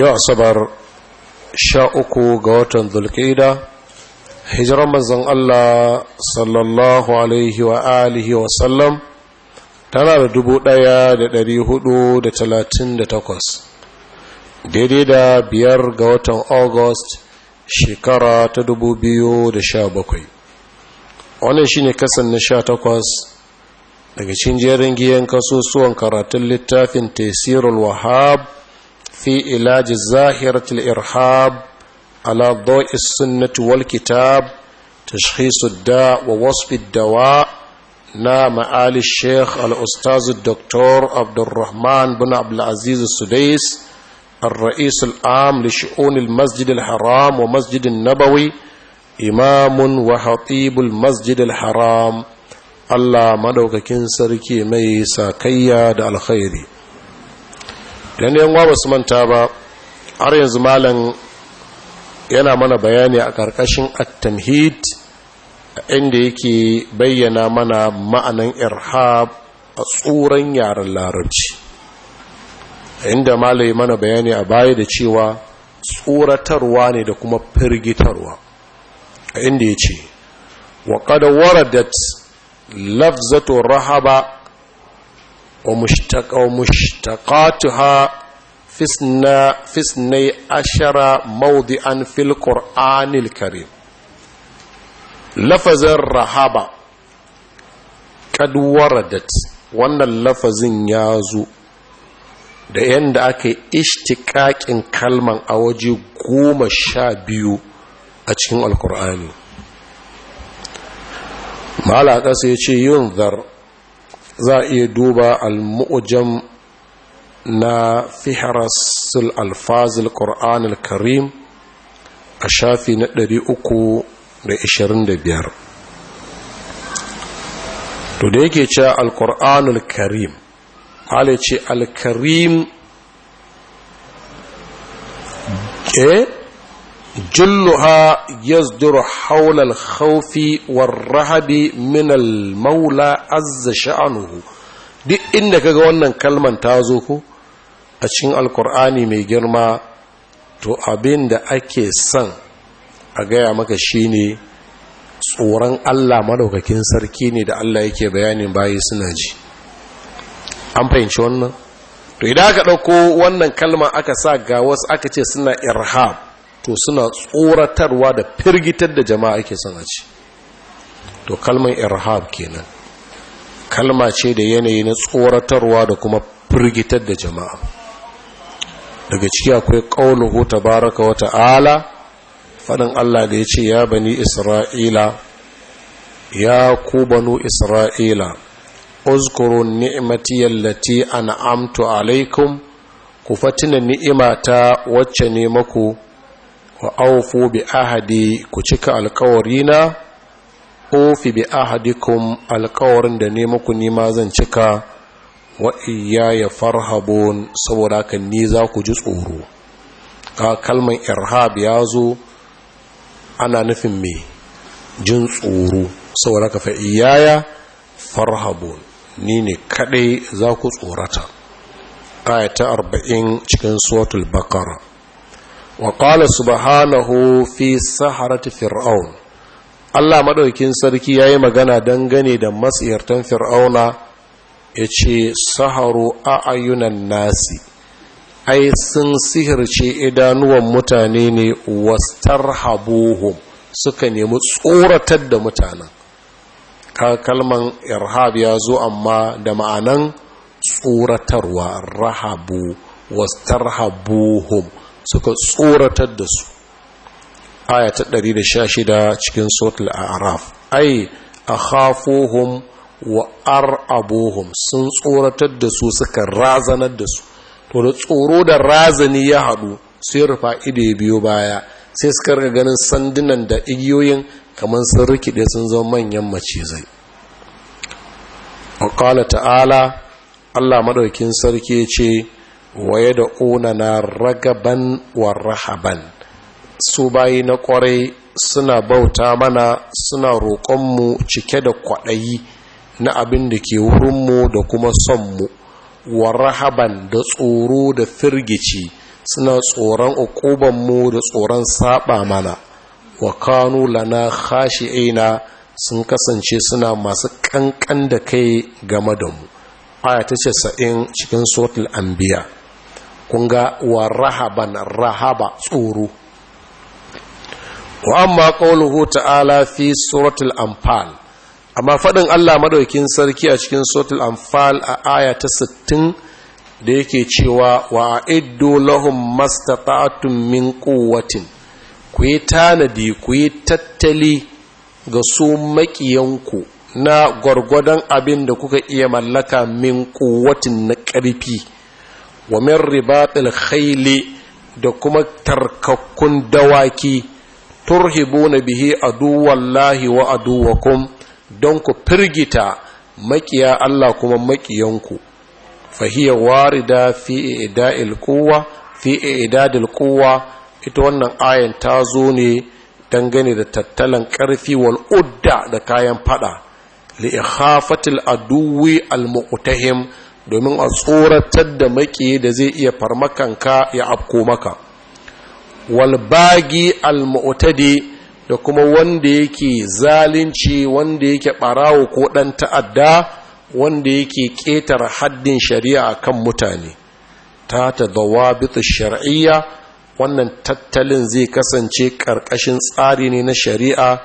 yau asabar sha uku ga watan zulkaida hijiran manzan Allah sallallahu alaihi wa alihi wa sallam tana da dubu daya da dari hudu da talatin da takwas daidai da biyar ga watan august shekara ta dubu biyu da sha bakwai wannan shi ne kasan na sha takwas daga cin jerin giyan kasusuwan karatun littafin tesirul wahab fi ilaji zahiratul irhab ala da'i sunnati wal kitab tashkhisu da wa wasfi na ma'ali sheikh al-ustaz dr abdulrahman bin abdul aziz sudais الرئيس العام لشؤون المسجد الحرام ومسجد النبوي إمام وخطيب المسجد الحرام الله مدوككين sarki ميسا كيا da الخيري idan yan wa basu manta ba har yanzu malam yana mana bayani a ƙarƙashin at-tamhid inda yake bayyana mana ma'anan irhab a tsoron yaren larabci inda malai mana bayani a baya da cewa tsoratarwa ne da kuma firgitarwa inda ya ce wa kada waradat lafzatun rahaba wa mushtaqatuha fisna fisnai ashara mawdi'an fil qur'anil karim lafazin rahaba kad waradat wannan lafazin ya zo da yadda aka yi ishtikakin kalman a waje goma sha biyu a cikin alkur'ani malaka sai ce yin zar za a iya duba al-mu'jam na fiharasul alfazil qur'an al-karim a shafi na 325 to da yake cewa al-qur'an al-karim ce al-karim eh جلها يصدر حول الخوف والرهب من المولى عز شأنه duk inda kaga wannan kalman ta zo ko a cikin alkur'ani mai girma to abin da ake son a gaya maka shine tsoron Allah madaukakin sarki ne da Allah yake bayanin bayi suna ji an fahimci wannan to idan aka ɗauko wannan kalma aka sa ga wasu aka ce suna irhab to suna tsoratarwa da firgitar da jama'a ake son a ci to kalmar irhab kenan kalma ce da yanayi na tsoratarwa da kuma firgitar da jama'a daga ciki akwai qauluhu baraka wa ta'ala faɗin Allah da ya ce ya bani isra'ila ya ku banu isra'ila uzkuru ni'mati an'amtu alaikum ku fatina ni'imata wacce ne maku wa aufu bi ahadi ku cika na? ofi bi ahadikum alkawarin da ne muku nima zan cika wa ya farhabun saboda haka ni za ku ji tsoro ka kalmar irhab ya zo ana nufin me jin tsoro saboda ka fa iyaya farhabun ni ne kadai za ku tsorata ayata 40 cikin suwatul baqara wa qala subhanahu fi saharati fir'aun Allah maɗaukin sarki ya yi magana dangane da masiyartan fir'auna yace saharu a'ayunan nasi ai sun sihirce idanuwan mutane ne wastarhabuhum sukan nemi tsoratar da mutanen ka kalman irhab ya zo amma da ma'anan tsoratarwa rahabu wastarhabuhum suka tsoratar da su aya ta 116 cikin sotul araf ai a hafohun wa ar'abohum sun tsoratar da su suka razanar da su to da tsoro da razani ya haɗu sai rufa ido ya biyo baya sai suka rika ganin sandunan da igiyoyin kamar sun rikide sun zama manyan macizai wa ta'ala allah maɗaukin sarki ce waye da onana ragaban warahaban su bayi na ƙwarai suna bauta mana suna roƙonmu cike da kwaɗayi na abin da ke mu da kuma son mu warahaban da tsoro da firgici suna tsoron mu da tsoron saba mana wa kanu lana aina sun kasance suna masu kankan da kai game da mu aya ta 90 cikin suratul anbiya kun ga wa rahaban rahaba tsoro wa amma qawluhu ta'ala fi suratul anfal amma fadin Allah madaukin sarki a cikin suratul anfal a aya ta 60 da yake cewa wa iddu lahum mastata'tum min quwwatin ku yi tanadi ku yi tattali ga su makiyanku na gwargwadon abin da kuka iya mallaka min kuwatin na ƙarfi wa min ribatil khayli da kuma tarkakkun dawaki turhibuna bihi aduwallahi wa aduwakum don ku firgita makiya Allah kuma makiyanku fahiyya warida fi ida'il quwwa fi idadil quwwa ita wannan ayan ta zo ne dangane da tattalin karfi wal udda da kayan fada li ikhafatil aduwi al muqtahim domin a tsoratar da maki da zai iya farmakanka ya afko maka walbagi almu'tadi da kuma wanda yake zalunci wanda yake barawo ko ɗan ta'adda wanda yake ƙetare haddin shari'a kan mutane ta ta dawabitu shar'iyya wannan tattalin zai kasance ƙarƙashin tsari ne na shari'a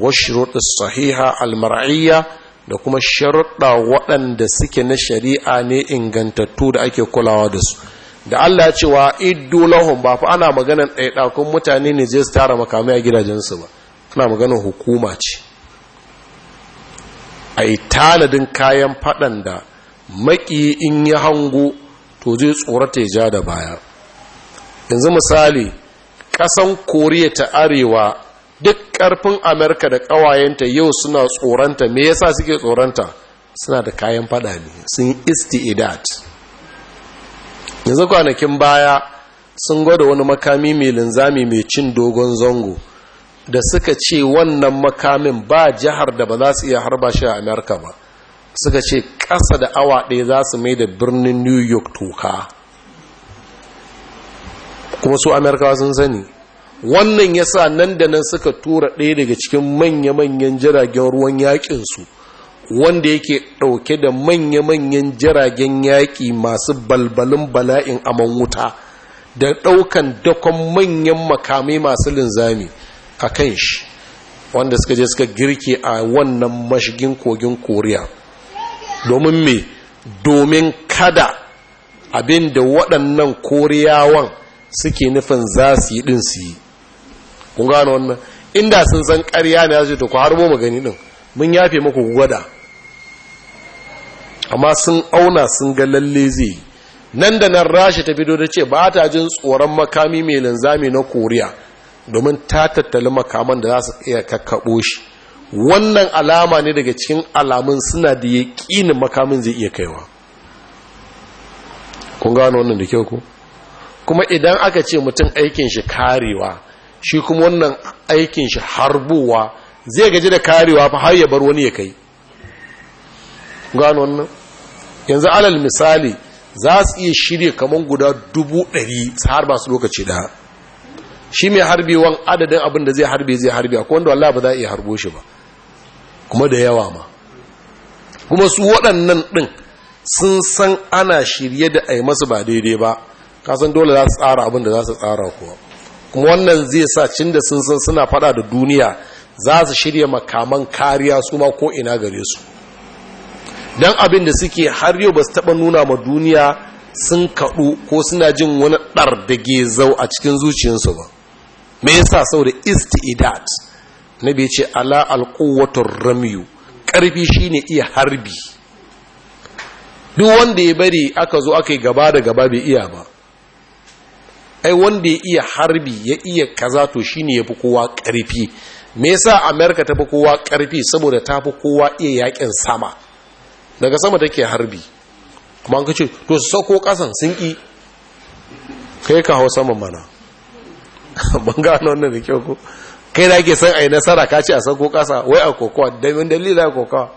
washrutus sahiha al mar'iyya da kuma sharuɗa waɗanda suke na shari'a ne ingantattu da ake kulawa da su da Allah cewa iddu lahum ba fa ana maganan ɗaiɗakun mutane ne zai su tara makamai a gidajensu ba ana maganar hukuma ce a yi tanadin kayan faɗan da maƙi in yi hango to zai tsorata ya ja da baya yanzu misali ƙasan koriya ta arewa duk ƙarfin amerika da ƙawayenta yau suna tsoranta me yasa suke tsoranta suna da kayan fada ne sun isti'idat yanzu kwanakin baya sun gwada wani makami mai linzami mai cin dogon zango da suka ce wannan makamin ba jihar da ba za su iya harba shi a amerika ba suka ce ƙasa da awa ɗaya za su mai da birnin new york toka kuma su amerikawa sun sani wannan ya sa nan da nan suka tura ɗaya daga cikin manya-manyan jiragen ruwan yaƙinsu wanda yake ɗauke da manya-manyan jiragen yaƙi masu balbalin bala'in aman wuta da ɗaukan dakon manyan makamai masu linzami a kan shi wanda suka je suka girke a wannan mashigin kogin koriya domin me domin kada abin da waɗannan koriyawan suke nufin za su yi ɗin su yi kun gano wannan inda sun san ƙarya ne ya ce ku harbo magani din mun yafe muku gwada amma sun auna sun ga lalle zai nan da nan rashi ta fito da ce ba ta jin tsoron makami mai linzami na koriya domin ta tattali makaman da za su iya kakkaɓo shi wannan alama ne daga cikin alamun suna da ya ƙinin makamin zai iya kaiwa kun gano wannan da kyau ku kuma idan aka ce mutum aikin shi karewa shi kuma wannan aikin shi harbuwa zai gaji da karewa fa har ya bar wani ya kai gano wannan yanzu alal misali za su iya shirya kaman guda dubu ɗari su harba su lokaci da shi mai harbewan adadin abin da zai harbe zai harbe akwai wanda Allah ba za a iya harbo shi ba kuma da yawa ma kuma su waɗannan ɗin sun san ana shirye da a masu ba daidai ba kasan dole za su tsara abin da za su tsara kuwa kuma wannan zai sa cin da sun san suna fada da duniya za su shirya makaman kariya su ma ko ina gare su don abin da suke har yau ba su taɓa nuna ma duniya sun kaɗu ko suna jin wani ɗar da ge a cikin zuciyarsu ba me yasa sau da idat na bai ce ala alƙuwatar ramiyu ƙarfi shine iya harbi duk wanda ya bari aka zo aka yi gaba da gaba bai iya ba ai wanda ya iya harbi ya iya kaza to shine yafi kowa karfi me yasa america tafi kowa karfi saboda tafi kowa iya yakin sama daga sama take harbi kuma an kace to su sauko kasan sun ki kai ka hau sama mana ban gano wannan da kyau ko kai da ake san ai nasara ka ce a sauko kasa wai a kokowa dalilin dalila kokowa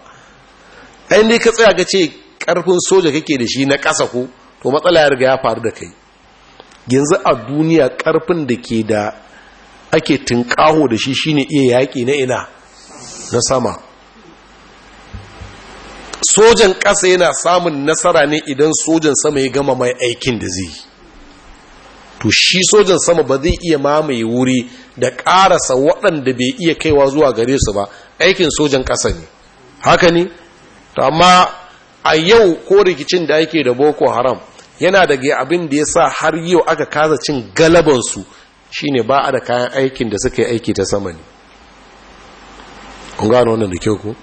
ai ne ka tsaya ka ce karfin soja kake da shi na kasa ko to matsala ya riga ya faru da kai yanzu a duniya karfin da ke da ake tunkaho da shi shine iya yaƙi na ina na sama sojan ƙasa yana samun nasara ne idan sojan sama ya gama mai aikin da zai to shi sojan sama ba zai iya mamaye wuri da ƙarasa waɗanda bai iya kaiwa zuwa gare su ba aikin sojan ƙasa ne haka ne to amma a yau ko rikicin da ake da boko haram yana daga abin da ya sa har yau aka kaza cin galabansu ne ba a da kayan aikin da suka yi aiki ta sama ne kun gano wannan da kyau ko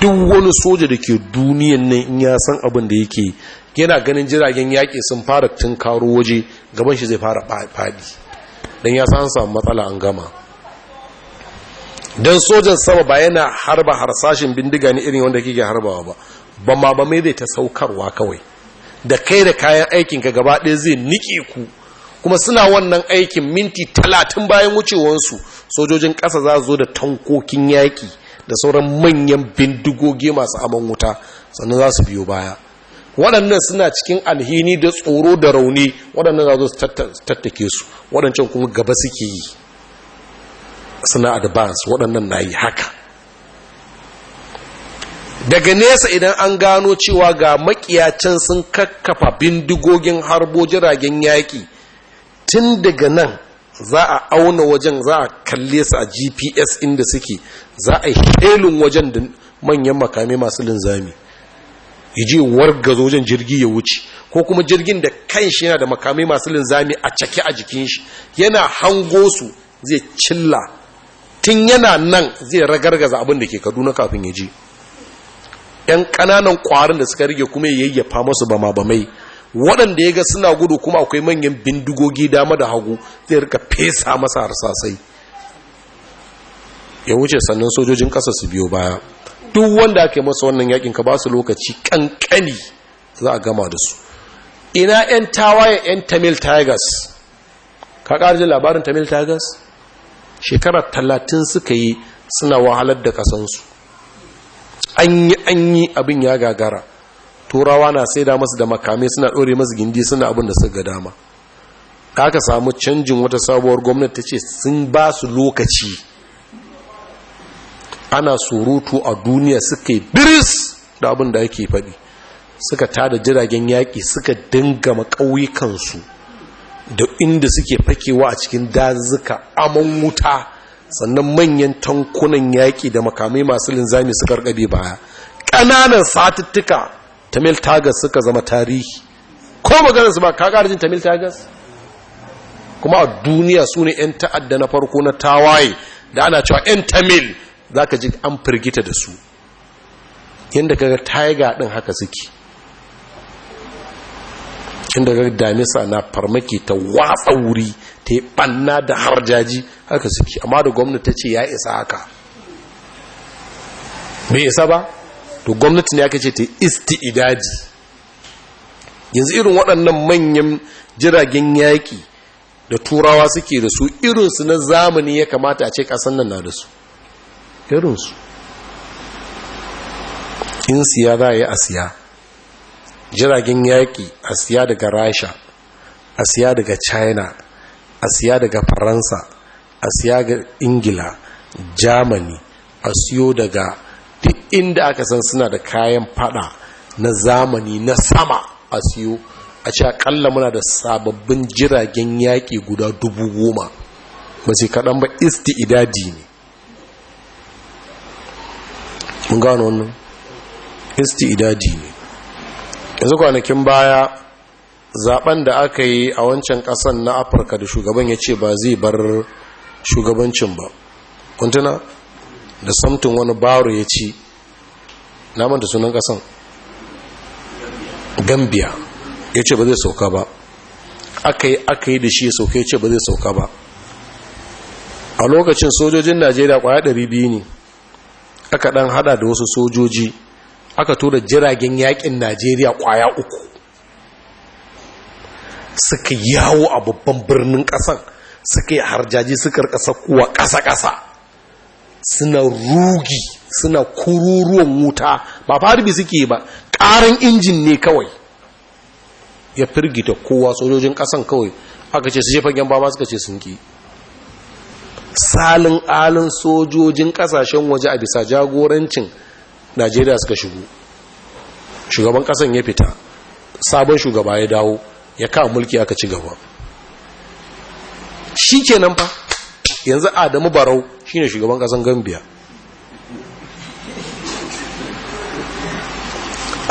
duk wani soja da ke duniyan nan in ya san abin da yake yana ganin jiragen yaƙi sun fara tun karo waje gaban shi zai fara faɗi don ya san samu matsala an gama don sojan sama ba yana harba harsashin bindiga ne irin wanda kike harbawa ba ba ma ba mai zai ta saukarwa kawai da kai da kayan aikinka gaba ɗaya zai niƙe ku kuma suna wannan aikin minti talatin bayan wucewansu sojojin ƙasa za zo da tankokin yaƙi da sauran manyan bindigogi masu aman wuta sannan za su biyo baya waɗannan suna cikin alhini da tsoro da rauni waɗannan za su tattake su waɗancan kuma gaba suke yi suna advance waɗannan na yi haka daga nesa idan an gano cewa ga makiyacin sun kakkafa bindigogin harbo jiragen yaƙi tun daga nan za a auna wajen za a kalle su a gps inda suke za a helin wajen da manyan makami masu linzami ya ji wargazo wajen jirgi ya wuce ko kuma jirgin da kanshi yana da makami masu linzami a cake a jikin shi yana hango su zai cilla tun yana nan zai ragargaza abin da ke kaduna kafin ya je 'yan ƙananan ƙwarin da suka rige kuma ya yayyafa masu bama bamai waɗanda ya ga suna gudu kuma akwai manyan bindigogi dama da hagu zai rika fesa masa harsasai ya wuce sannan sojojin ƙasa su biyo baya duk wanda ake masa wannan yakin ka ba su lokaci ƙanƙani za a gama da su ina 'yan tawaye 'yan tamil tigers ka jin labarin tamil tigers shekara talatin suka yi suna wahalar da kasansu Anyi-anyi abin ya gagara turawa na saida masu da makamai suna ɗore masu gindi suna abin da suka dama aka samu canjin wata sabuwar gwamnati ta ce sun ba su lokaci ana surutu a duniya suka yi biris da abin da ake faɗi suka tada jiragen yaƙi suka dingama ƙauyukansu da inda suke fakewa a cikin dazuka aman wuta sannan manyan tankunan yaƙi da makamai masu linzami su rikabe baya ƙananan satuttuka tamil tagas suka zama tarihi ko maganar su ba ka tamil tagas kuma a duniya su ne 'yan ta'adda na farko na tawaye da ana cewa 'yan tamil za ka ji an firgita da su yadda kaga taiga ɗin haka suke yadda ga damisa na farmaki ta watsa wuri ta banna da harjaji haka suke amma da gwamnati ce ya isa haka bai isa ba to gwamnati ne aka ce ta idaji yanzu irin waɗannan manyan jiragen yaƙi da turawa suke da su irinsu na zamani ya kamata a ce ƙasan nan na da su irinsu in siya za a yi a siya jiragen yaƙi a siya daga rasha a siya daga china a siya daga faransa a siya ga ingila germany a siyo daga duk inda aka san suna da kayan fada na zamani na sama a siyo a ce akalla muna da sababbin jiragen yaƙi guda dubu goma ba sai kaɗan ba isti idadi ne mun gano wannan isti idadi ne yanzu kwanakin baya zaben da aka yi a wancan kasan na afirka da shugaban ya ce ba zai bar shugabancin ba kuntuna da samtin wani baro ya ci naman da sunan kasan gambia ya ce ba zai sauka ba aka yi aka yi da shi ya sauka ya ce ba zai sauka ba a lokacin sojojin najeriya kwaya 200 ne aka dan hada da wasu sojoji aka tura jiragen yakin najeriya kwaya uku suka yawo a babban birnin ƙasan suka yi harjaji suka rika kuwa ƙasa-ƙasa suna rugi suna kururuwan wuta ba farbi suke ba ƙaran injin ne kawai ya firgita kowa sojojin ƙasan kawai aka ce su je fagen ba suka ce sun ki salin alin sojojin ƙasashen waje a bisa jagorancin najeriya suka shigo shugaban ƙasan ya fita sabon shugaba ya dawo ya kawo mulki aka ci gaba shi kenan fa yanzu adamu barau shine shugaban kasan gambia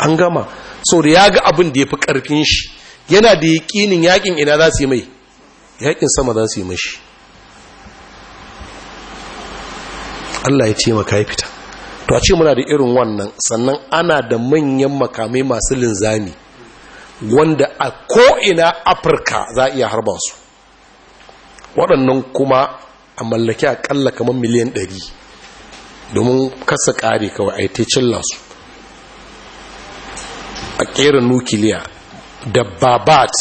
an gama so da ya ga abin da ya fi karfin shi yana da kinin yaƙin ina za su yi mai yaƙin sama za su yi mashi Allah ya ce maka ya fita to a ce muna da irin wannan sannan ana da manyan makamai masu linzami wanda a ko'ina afirka za a iya harba su waɗannan kuma a mallaki ƙalla kamar miliyan ɗari domin kasa ƙari kawai a yi ta cilla su a ƙera nukiliya da babat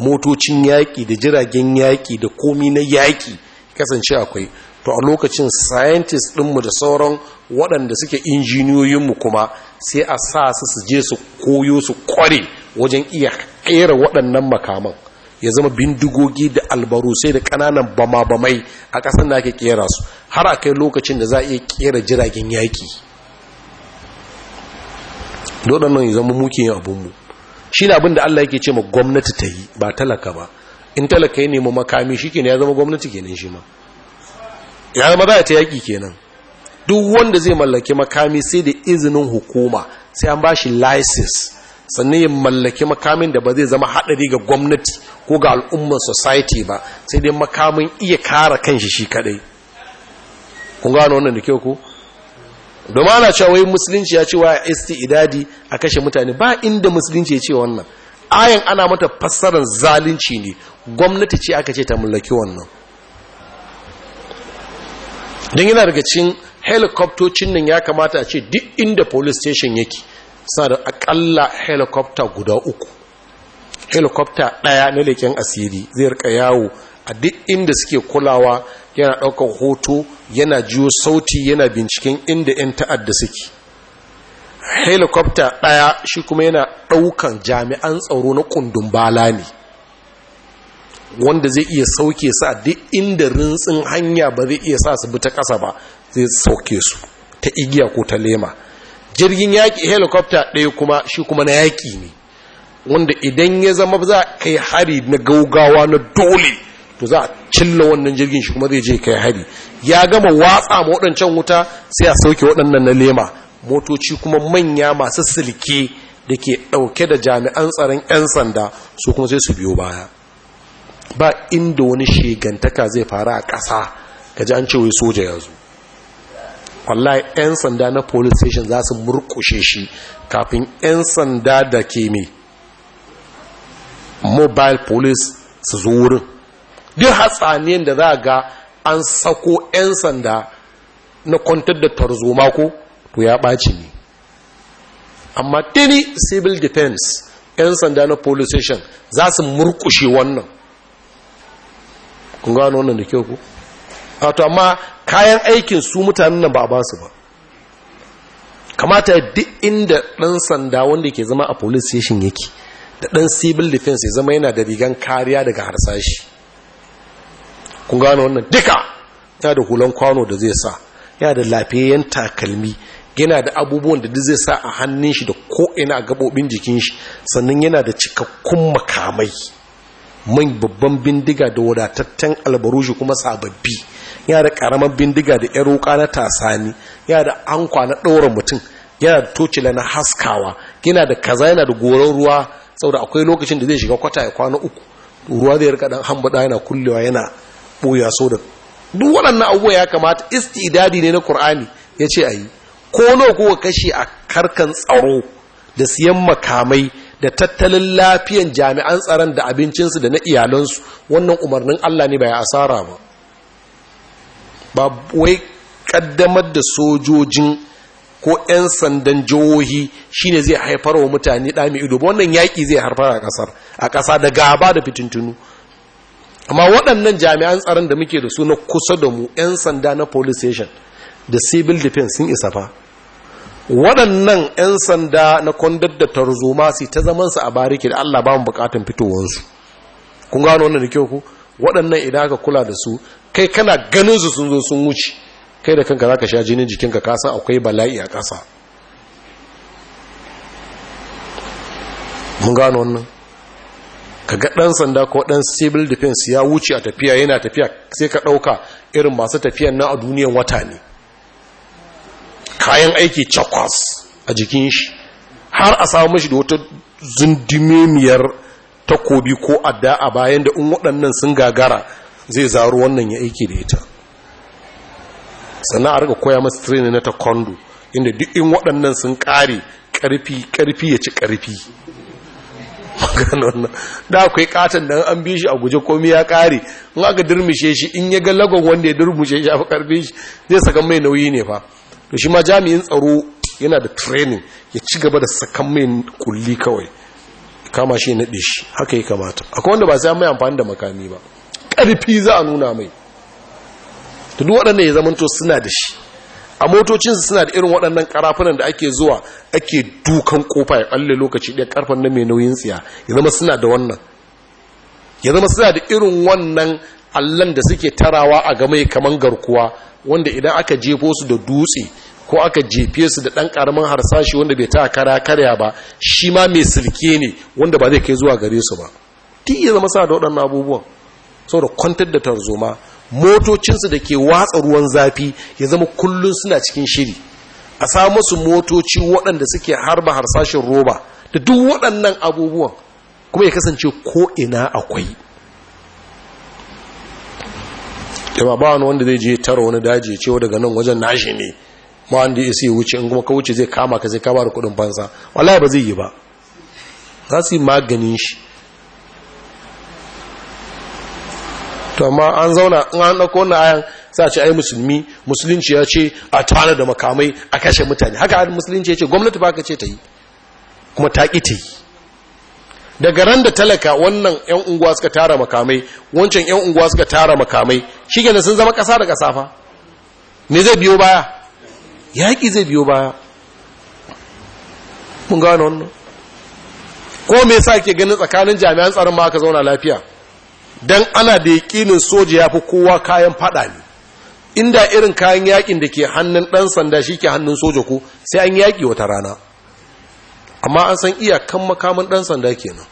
motocin yaƙi da jiragen yaƙi da komi na yaƙi kasance akwai to a lokacin scientist ɗinmu da sauran waɗanda suke injiniyoyinmu kuma sai a sa su su je su koyo su kware wajen iya kera waɗannan makaman ya zama bindigogi da albarusai da ƙananan bama-bamai a ƙasar da ake kera su har a kai lokacin da za a iya kera jiragen yaƙi waɗannan ya zama muke yin abinmu shi ne abin da allah yake ce ma gwamnati ta yi ba talaka ba in talaka ya nemi makami shi ya zama gwamnati kenan shi ma ya zama za ta yaƙi kenan duk wanda zai mallaki makami sai da izinin hukuma sai an ba shi license sannan ya mallaki makamin da ba zai zama haɗari ga gwamnati ko ga al'ummar society ba sai dai makamin iya kara kanshi shi kadai kun gano wannan da kyau ko domin ana cewa wai musulunci ya cewa ya isti idadi a kashe mutane ba inda musulunci ya ce wannan ayan ana mata fassarar zalunci ne gwamnati ce aka ce ta mallaki wannan don yana daga cikin helikoptocin nan ya kamata a ce duk inda police station yake sa da akalla helicopter guda uku helicopter ɗaya na leken asiri zai rika yawo a duk inda suke kulawa yana ɗaukar hoto yana jiyo sauti yana binciken inda 'yan ta'adda suke helicopter ɗaya shi kuma yana ɗaukan jami'an tsaro na kundin bala ne wanda zai iya sauke su a duk inda rintsin hanya ba zai iya sa su bi ta ƙasa ba zai sauke su ta igiya ko ta lema jirgin yaƙi helicopter ɗaya kuma shi kuma na yaƙi ne wanda idan ya zama za a kai hari na gaugawa na dole to za a cilla wannan jirgin shi kuma zai je kai hari ya gama watsa ma waɗancan wuta sai a sauke waɗannan na lema motoci kuma manya masu silke da ke ɗauke da jami'an tsaron 'yan sanda su kuma sai su biyo baya ba inda wani shegantaka zai fara a ƙasa gaji an ce wai soja ya wallahi 'yan sanda na police station za su murkushe shi kafin 'yan sanda da ke mai mobile police su zo wurin duk hatsaniyar da za ga an sako 'yan sanda na kwantar da tarzoma ko to ya ɓaci ne amma tini civil defense 'yan sanda na police station za su murkushe wannan kun gano wannan da kyau ku wato amma kayan aikin su mutanen nan ba a basu ba kamata duk inda ɗan sanda wanda ke zama a police station yake da ɗan civil defense ya zama yana da rigan kariya daga harsashi kun gano wannan duka ta da hulan kwano da zai sa yana da lafiyayyen takalmi yana da abubuwan da zai sa a hannun shi da ko ina a gabobin jikin shi sannan yana da cikakkun makamai man babban bindiga da wadatattun albarushi kuma sababbi ya da karamar bindiga da yar wuka na tasani yana da ankwa na ɗora mutum yana da tocila na haskawa yana da kaza yana da goron ruwa saboda akwai lokacin da zai shiga kwata ya kwana uku ruwa zai rika dan ɗaya yana kullewa yana boya so da duk waɗannan abubuwa ya kamata istidadi ne na Kur'ani ya ce a yi ko nawa kuka kashe a karkan tsaro da siyan makamai da tattalin lafiyan jami'an tsaron da abincinsu da na iyalansu wannan umarnin Allah ne ba ya asara ba ba wai kaddamar da sojojin ko 'yan sandan jihohi shine zai haifar wa mutane ɗami ido ba wannan yaƙi zai harfar a ƙasar a ƙasa da gaba da fitintunu amma waɗannan jami'an tsaron da muke da su na kusa da mu 'yan sanda na police station da civil defense sun isa fa waɗannan 'yan sanda na kwandar da tarzoma su ta zamansu a bariki da allah ba mu bukatan fitowarsu kun gano wannan da kyau ku waɗannan idan aka kula da su kai kana ganin su sun zo sun wuce kai da kanka zaka sha jinin jikinka ka san akwai bala'i a ƙasa mun gano wannan kaga ɗan sanda ko ɗan civil defense ya wuce a tafiya yana tafiya sai ka ɗauka irin masu tafiyan na a duniyan wata ne kayan aiki cakwas a jikin shi har a samu mashi da wata zundimemiyar takobi ko adda a bayan da in waɗannan sun gagara zai zaro wannan ya aiki da ita sannan a riga koya masa training na taekwondo inda duk in waɗannan sun ƙare ƙarfi ƙarfi ya ci ƙarfi da akwai katon da an bi shi a guje komi ya ƙare. in aka durmushe shi in ya ga lagon wanda ya durmushe shi a ƙarfi shi zai sakan mai nauyi ne fa to shi ma jami'in tsaro yana da training ya ci gaba da sakan mai kulli kawai kama shi ya naɗe shi haka ya kamata akwai wanda ba sai an mai amfani da makami ba ƙarfi za a nuna mai tudu duk waɗannan ya zamanto suna da shi a motocinsu suna da irin waɗannan ƙarafunan da ake zuwa ake dukan ƙofa ya ɓalle lokaci ɗaya ƙarfan na mai nauyin tsiya ya zama suna da wannan ya zama suna da irin wannan allon da suke tarawa a game kamar garkuwa wanda idan aka jefo su da dutse ko aka jefe su da ɗan ƙaramin harsashi wanda bai ta kara karya ba shi ma mai silke ne wanda ba zai kai zuwa gare su ba ti ya zama suna da waɗannan abubuwan saboda kwantar da tarzoma motocinsu da ke watsa ruwan zafi ya zama kullum suna cikin shiri a sa su motoci waɗanda suke harba harsashin roba da duk waɗannan abubuwan kuma ya kasance ko'ina akwai yaba ba wani wanda zai je tara wani daji cewa daga nan wajen nashi ne ma wanda ya sai wuce in kuma ka wuce zai kama ka zai kama da kudin fansa Wala ba zai yi ba za su yi maganin shi to amma an zauna in an dauko wannan ayan sai a ce ai musulmi musulunci ya ce a tana da makamai a kashe mutane haka musulunci ya ce gwamnati ba ka ce ta yi kuma ta ki ta yi daga ran da talaka wannan yan unguwa suka tara makamai wancan yan unguwa suka tara makamai shikenan sun zama ƙasa da ƙasa fa me zai biyo baya yaƙi zai biyo baya mun gane wannan ko me yasa ke ganin tsakanin jami'an tsaron ma aka zauna lafiya don ana da yakinin soja ya fi kowa kayan fada ne inda irin kayan yakin da ke hannun ɗan sanda shi ke hannun soja ko sai an yaki wata rana amma an san iyakan makamin ɗan sanda kenan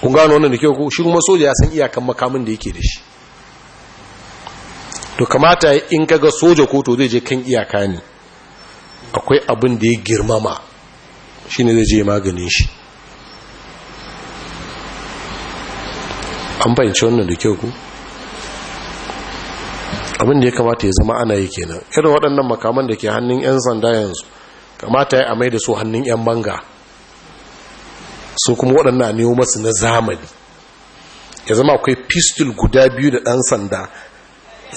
kun gano wannan da ke shi kuma soja ya san iyakan makamin da yake da shi to kamata in kaga soja ko to zai je kan iyaka ne akwai abin da ya girmama shi ne zai je maganin shi an fahimci wannan da kyau ku abin da ya kamata ya zama ana yi kenan irin waɗannan makaman da ke hannun 'yan sanda yanzu kamata ya amai da su hannun 'yan banga su kuma waɗannan ne masu na zamani ya zama akwai pistol guda biyu da ɗan sanda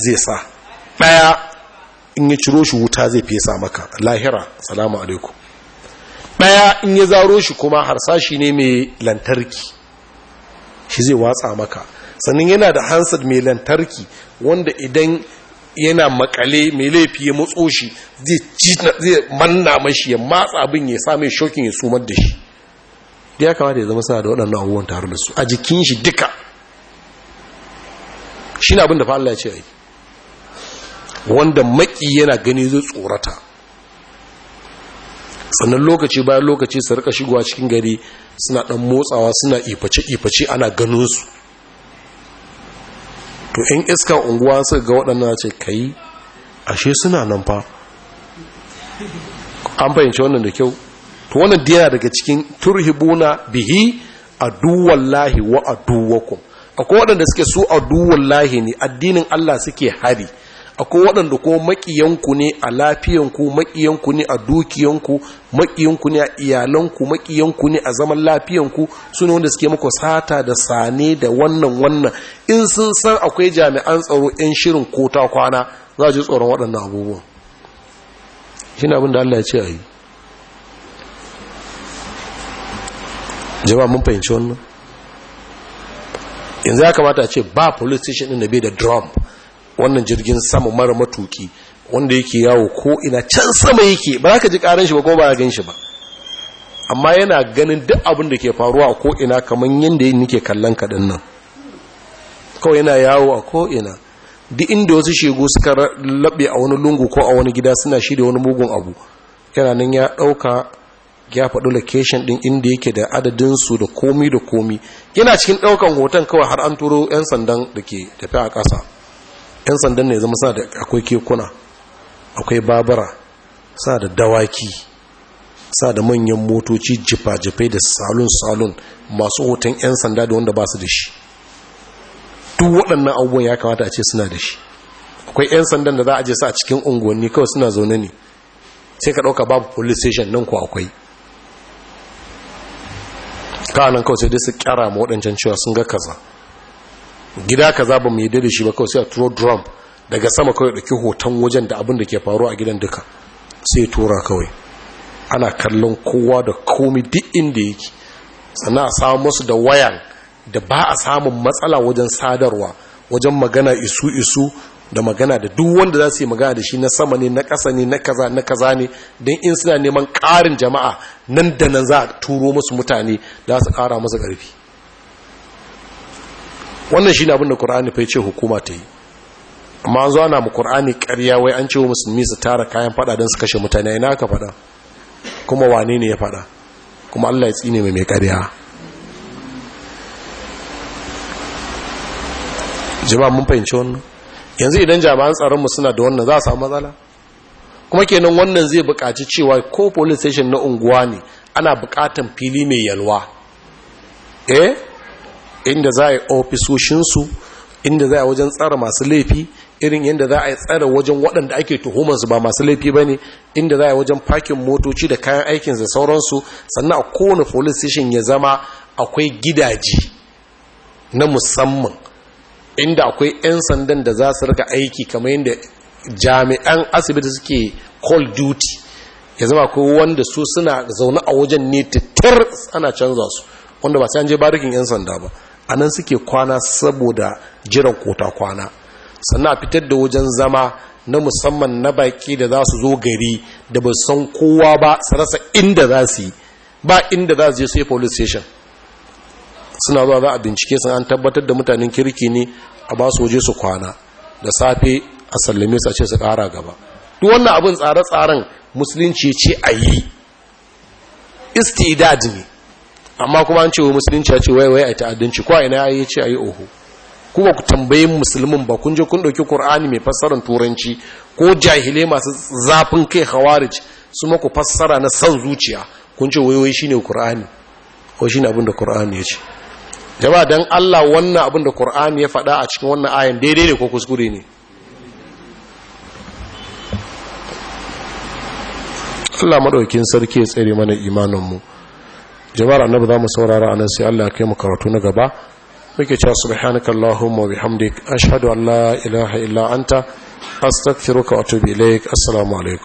zai sa ɗaya in ya ciro shi wuta zai fesa maka lahira salamu alaikum ɗaya in ya zaro shi kuma harsashi ne mai lantarki shi zai watsa maka sannan yana da hansar mai lantarki wanda idan yana makale mai laifi ya matso shi zai manna mashi ya matsa abin ya sa mai shokin ya sumar da shi da ya kamata ya zama suna da waɗannan abubuwan tare da su a jikin shi duka shi na abin da fa ya ce wanda maki yana gani zai tsorata sannan lokaci bayan lokaci su rika shigowa cikin gari suna dan motsawa suna iface-iface ana ganinsu to in iska unguwa su ga waɗannan ce kai ashe suna nan fa an fahimci wannan da kyau to wannan da yana daga cikin turhibuna bihi aduwallahi wa aduwakum akwai waɗanda suke su aduwallahi ne addinin Allah suke hari akwai waɗanda ko maƙiyanku ne a lafiyanku maƙiyanku ne a dukiyanku maƙiyanku ne a iyalanku maƙiyanku ne a zaman lafiyanku su ne wanda suke muku sata da sane da wannan wannan in sun san akwai jami'an tsaro 'yan shirin ko ta kwana za ji tsoron waɗannan abubuwan shi abin da allah ya ce a yi jama'a mun fahimci wannan yanzu ya kamata a ce ba politician in ɗin da bai da drum wannan jirgin sama mara matuki wanda yake yawo ko ina can sama yake ba za ka ji karin shi ba ko ba gan shi ba amma yana ganin duk abin da ke faruwa a ko kamar yadda yin nike kallon kaɗin nan kawai yana yawo a ko duk inda wasu shegu suka laɓe a wani lungu ko a wani gida suna shirya wani mugun abu yana nan ya ɗauka ya faɗi location ɗin inda yake da adadinsu da komi da komi yana cikin ɗaukan hoton kawai har an turo 'yan sandan da ke tafi a ƙasa 'yan sandan ne zama sa da akwai kekuna akwai babara, sa da dawaki sa da manyan motoci jifa-jifai da salon-salon masu hoton 'yan sanda da wanda ba su da shi duk waɗannan abubuwan ya kamata a ce suna da shi akwai 'yan sandan da za a je sa a cikin unguwanni kawai suna zaune ne sai ka ɗauka babu police station nan ko akwai nan kawai sai dai su kyara ma waɗancan cewa sun ga kaza gida kaza ba mu daidai da shi ba kawai sai a turo drum daga sama kawai dauki hoton wajen da abin da ke faruwa a gidan duka sai tura kawai ana kallon kowa da komi duk inda yake sannan a samu musu da wayan da ba a samun matsala wajen sadarwa wajen magana isu isu da magana da duk wanda za su yi magana da shi na sama ne na ƙasa ne na kaza na kaza ne don in suna neman ƙarin jama'a nan da nan za a turo musu mutane za su ƙara masa ƙarfi wannan shi ne abinda ƙur'ani fai ce hukuma ta yi amma an zo ana mu ƙur'ani ƙarya wai an ce wa musulmi su tara kayan fada don su kashe mutane ina ka faɗa kuma wane ne ya faɗa kuma allah ya tsine mai mai ƙarya jama'a mun fahimci wannan yanzu idan jami'an tsarinmu suna da wannan za a samu matsala kuma kenan wannan zai buƙaci cewa ko police station na unguwa ne ana buƙatan fili mai yalwa eh inda za a yi ofisoshinsu inda za a wajen tsara masu laifi irin yadda za a yi tsara wajen waɗanda ake tuhumarsu ba masu laifi ba ne inda za a yi wajen fakin motoci da kayan aikin da sauransu sannan a kowane police station ya zama akwai gidaje na musamman inda akwai 'yan sandan da za su rika aiki kamar yadda jami'an asibiti suke call duty ya zama akwai wanda su suna zaune a wajen ne tattar ana canza su wanda ba sai an je barikin 'yan sanda ba a nan suke kwana saboda jiran kota kwana sannan a fitar da wajen zama na musamman na baki da za su zo gari da ba san kowa ba su rasa inda za su yi ba inda za su je sai police station suna zuwa za a bincike sun an tabbatar da mutanen kirki ne a ba su waje su kwana da safe a sallame su a ce su kara gaba duk wannan abin tsare-tsaren musulunci ce a yi istidad ne amma kuma an ce wa musulunci ya ce wai wai a ta'addanci kuwa ina ya ce a yi oho kuma ku tambayi musulmin ba kun je kun ɗauki ƙur'ani mai fassarar turanci ko jahilai masu zafin kai khawarij su maku fassara na san zuciya kun ce wai wai ne ƙur'ani ko ne abin da ƙur'ani ya ce jama'a don Allah wannan abin da ƙur'ani ya faɗa a cikin wannan ayan daidai ne ko kuskure ne Allah maɗaukin sarki ya tsere mana imaninmu. jama'ar annabi za mu saurara nan sai Allah ya kai mu karatu na gaba muke cewa subhanaka allahumma wa bihamdik ashhadu an la ilaha illa anta astaghfiruka wa atubu ilaik assalamu alaikum